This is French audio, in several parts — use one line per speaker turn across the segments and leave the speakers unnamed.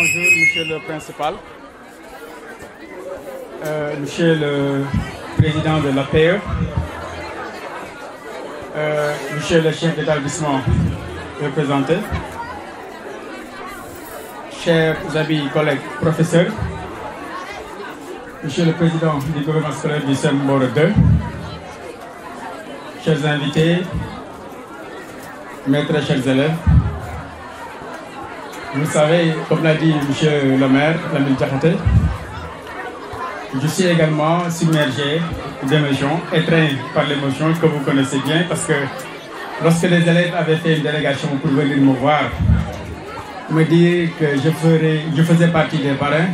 Bonjour, monsieur le principal, euh, monsieur le président de l'APE, euh, monsieur le chef d'établissement représenté, chers amis, collègues, professeurs, monsieur le président du gouvernement scolaire du SEMBOR 2, chers invités, maîtres, chers élèves, vous savez, comme l'a dit M. le maire, la Diakhaté, je suis également submergé d'émotions, étreint par l'émotion que vous connaissez bien parce que lorsque les élèves avaient fait une délégation pour venir me voir, me dire que je, ferais, je faisais partie des parrains,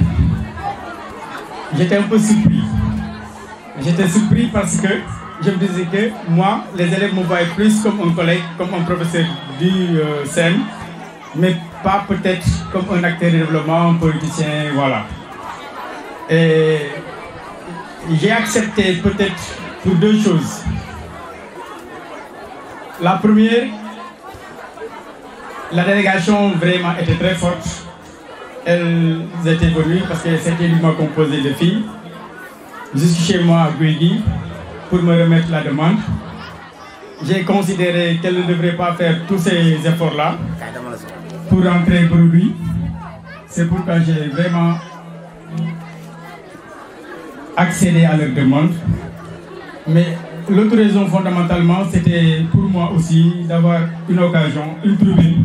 j'étais un peu surpris. J'étais surpris parce que je me disais que moi, les élèves me voyaient plus comme un collègue, comme un professeur du euh, mais peut-être comme un acteur de développement, un politicien, voilà. Et j'ai accepté peut-être pour deux choses. La première, la délégation vraiment était très forte. Elle étaient venues parce que c'était uniquement composé de filles. je suis chez moi à Guigui pour me remettre la demande. J'ai considéré qu'elle ne devrait pas faire tous ces efforts-là pour rentrer lui. C'est pourquoi j'ai vraiment accédé à leur demande. Mais l'autre raison fondamentalement, c'était pour moi aussi d'avoir une occasion, une tribune,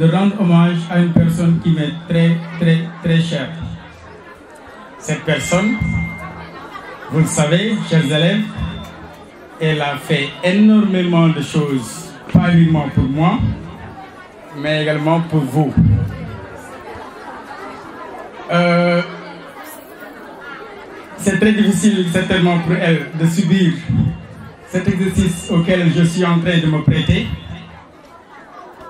de rendre hommage à une personne qui m'est très, très, très chère. Cette personne, vous le savez, chers élèves, elle a fait énormément de choses, pas uniquement pour moi, mais également pour vous. Euh, c'est très difficile certainement pour elle de subir cet exercice auquel je suis en train de me prêter.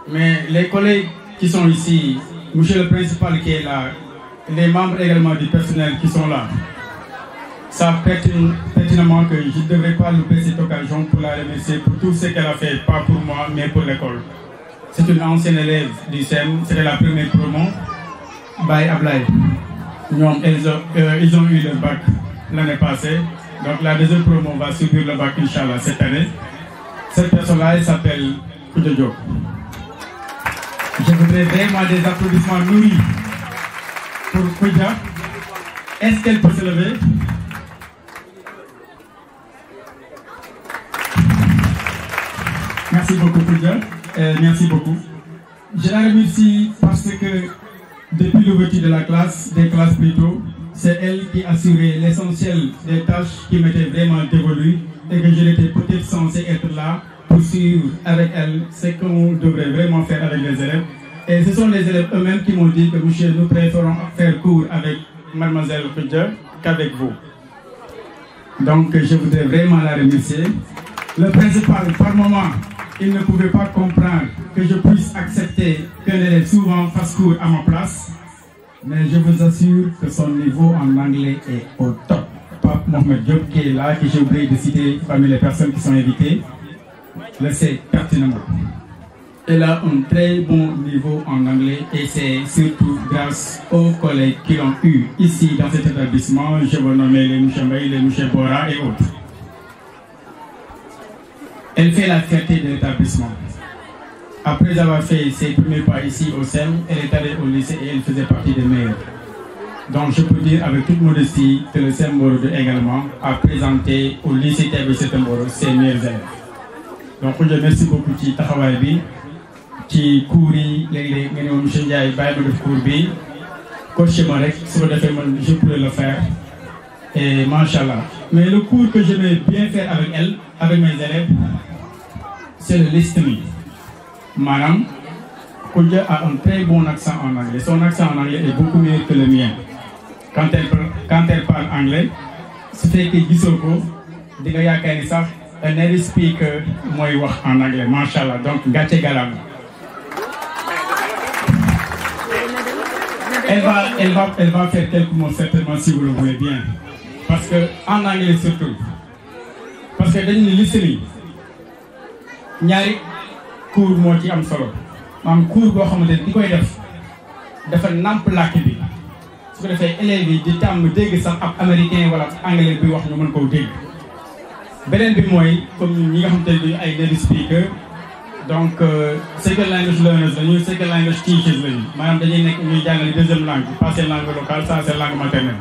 Mais les collègues qui sont ici, monsieur le principal qui est là, les membres également du personnel qui sont là, savent pertinemment que je ne devrais pas louper cette occasion pour la remercier pour tout ce qu'elle a fait, pas pour moi, mais pour l'école. C'est une ancienne élève du SEM, c'était la première promo by Ablay. Euh, ils ont, eu le bac l'année passée, donc la deuxième promo va subir le bac, Inch'Allah, cette année. Cette personne-là, elle s'appelle Koudjo Je voudrais vraiment des applaudissements nourris pour Koudja. Est-ce qu'elle peut se lever Merci beaucoup, Koudja. Euh, merci beaucoup. Je la remercie parce que depuis l'ouverture de la classe, des classes plutôt, c'est elle qui assurait l'essentiel des tâches qui m'étaient vraiment dévolues et que je n'étais peut-être censé être là pour suivre avec elle ce qu'on devrait vraiment faire avec les élèves. Et ce sont les élèves eux-mêmes qui m'ont dit que nous préférons faire cours avec mademoiselle Fidja qu'avec vous. Donc je voudrais vraiment la remercier. Le principal, par moment, il ne pouvait pas comprendre que je puisse accepter qu'elle élève souvent fasse cours à ma place. Mais je vous assure que son niveau en anglais est au top. Pape Mohamed Diop, qui est là, que j'ai oublié de citer parmi les personnes qui sont invitées, le sait pertinemment. Elle a un très bon niveau en anglais et c'est surtout grâce aux collègues qui l'ont eu ici dans cet établissement. Je vais nommer les Mouchambay, les Mouchembora et autres. Elle fait la fierté de l'établissement. Après avoir fait ses premiers pas ici au SEM, elle est allée au lycée et elle faisait partie des meilleurs. Donc je peux dire avec toute modestie que le SEM de également a présenté au lycée TBC Moro ses meilleurs élèves. Donc je remercie beaucoup qui taxawaay bi ti courent les léeg-léeg nga ne ma je le faire et Machallah. Mais le cours que je vais bien faire avec elle, avec mes élèves, c'est le listening. Madame a un très bon accent en anglais. Son accent en anglais est beaucoup mieux que le mien. Quand elle, quand elle parle anglais, c'est fait que Gisoko, elle speaker, moi en anglais, Machallah. Donc, gâtez galam. Elle va, elle, va, elle va faire quelques mots certainement si vous le voulez bien. parce que en anglais surtout parce que dañu ne ñaari cours moo ci am solo maanaam cours boo xamante ni di koy def dafa nàmp làkk bi su ko defee élèves yi di tàmm dégg sax ab américain wala anglais buy wax ñu mën koo dégg beneen bi mooy comme ñi nga xamante ne ay native speaker donc euh, second language learners lañu second language teachers lañu maanaam dañuy nekk ñuy jàngale deuxième langue pas seen langue locale sans seen langue maternelle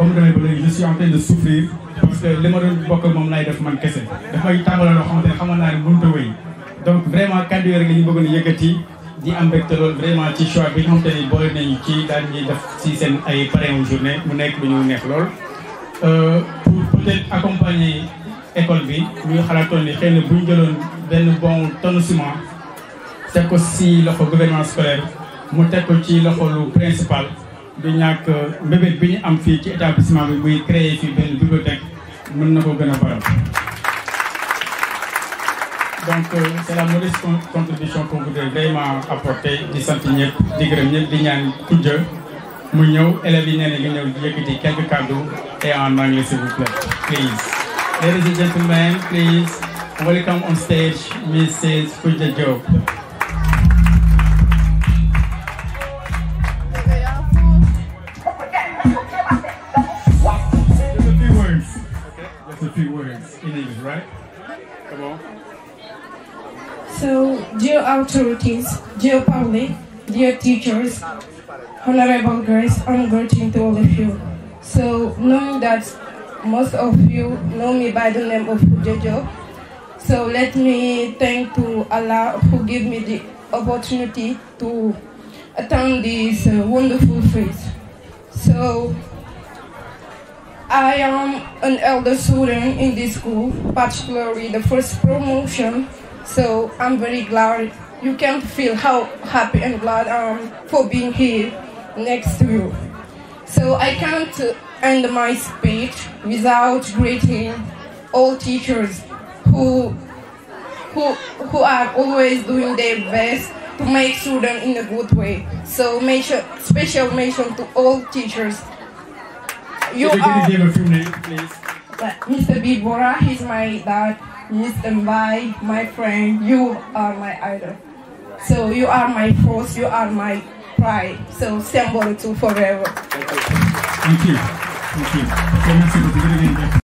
ba mu demee ba léegi je suis en train de souffrir parce que li ma doon bokk moom laay def man kese dafay tàmbale loo xamante ne xamal naa ne mënut a wéy donc vraiment kàddu yi rek la ñu bëggoon yëkkati di am mbégte loolu vraiment ci choix bi nga xamante ne boole nañu ci daan ñuy def si seen ay parrain journée mu nekk lu ñu neex lool. Euh, pour peut-être accompagner école bi ñu xalaatoon ni xëy na bu ñu jëloon benn bon tonne ciment teg ko si loxo gouvernement scolaire mu teg ko ci loxo lu principal du ñak euh, mbébét bi ñu am fii ci établissement bi muy créé fii benn bibliothèque mën na ko gën a baral donc euh, c'est la modeste contribution qu'on voudrait vraiment apporter di sant ñëpp di gërëm ñëpp di ñaan kujja mu ñëw élèves yi nee na nga ñëw di yëkkati quelques cadeaux et en anglais s'il vous plaît please ladies and gentlemen please welcome on stage Mrs. Koudia Diop
authorities, dear public, dear teachers, honorable guests, I'm greeting to all of you. So knowing that most of you know me by the name of Jojo, so let me thank to Allah who gave me the opportunity to attend this uh, wonderful feast. So I am an elder student in this school, particularly the first promotion. So I'm very glad you can feel how happy and glad I am for being here next to you. So I can't end my speech without greeting all teachers who, who, who are always doing their best to make students in a good way. So mention, special mention to all teachers. You if are, give
a few names, please.
Mr. Bibora, he's my dad. Mr. Mbai, my friend, you are my idol. So you are my force, you are my pride. So Sambor to forever. Thank
you. Thank you. Thank you.